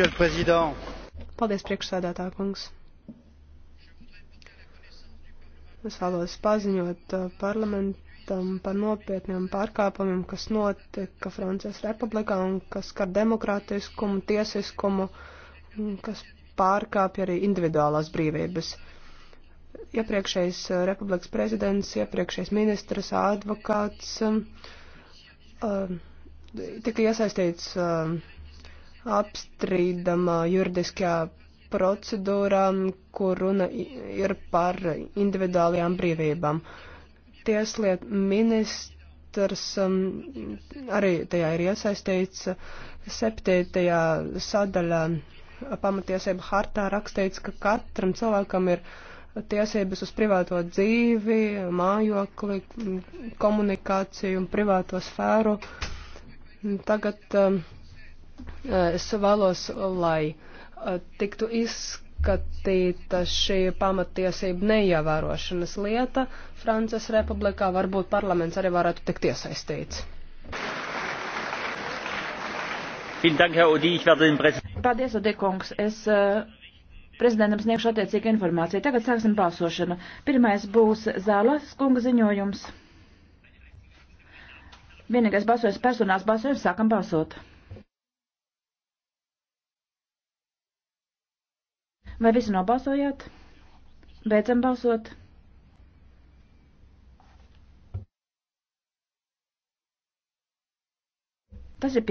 Paldies, priekšsēdētā kungs. Es vēlos paziņot uh, parlamentam par nopietniem pārkāpumiem, kas notika Francijas republikā un kas skar demokrātiskumu, tiesiskumu, kas pārkāpja arī individuālās brīvības. Iepriekšējais uh, republikas prezidents, iepriekšējais ministrs, advokāts um, uh, tika iesaistīts um, apstrīdama juridiskajā procedūrā, kur runa ir par individuālajām brīvībām. Tieslietu ministrs um, arī tajā ir iesaistīts. Septītajā sadaļā pamatiesība hartā rakstīts, ka katram cilvēkam ir tiesības uz privāto dzīvi, mājokli, komunikāciju un privāto sfēru. Tagad um, Eh, es vēlos, lai eh, tiktu izskatīta šī pamatiesība neievērošanas lieta Francijas republikā. Varbūt parlaments arī varētu tikt iesaistīts. Paldies, Odekungs. Es uh, prezidentam sniegšu attiecīgu informāciju. Tagad sāksim balsošanu. Pirmais būs Zālas kunga ziņojums. Vienīgais balsojums personās balsojums. Sākam balsot. Vai visi nobalsojāt? Beidzam balsot. Tas ir pieņemts.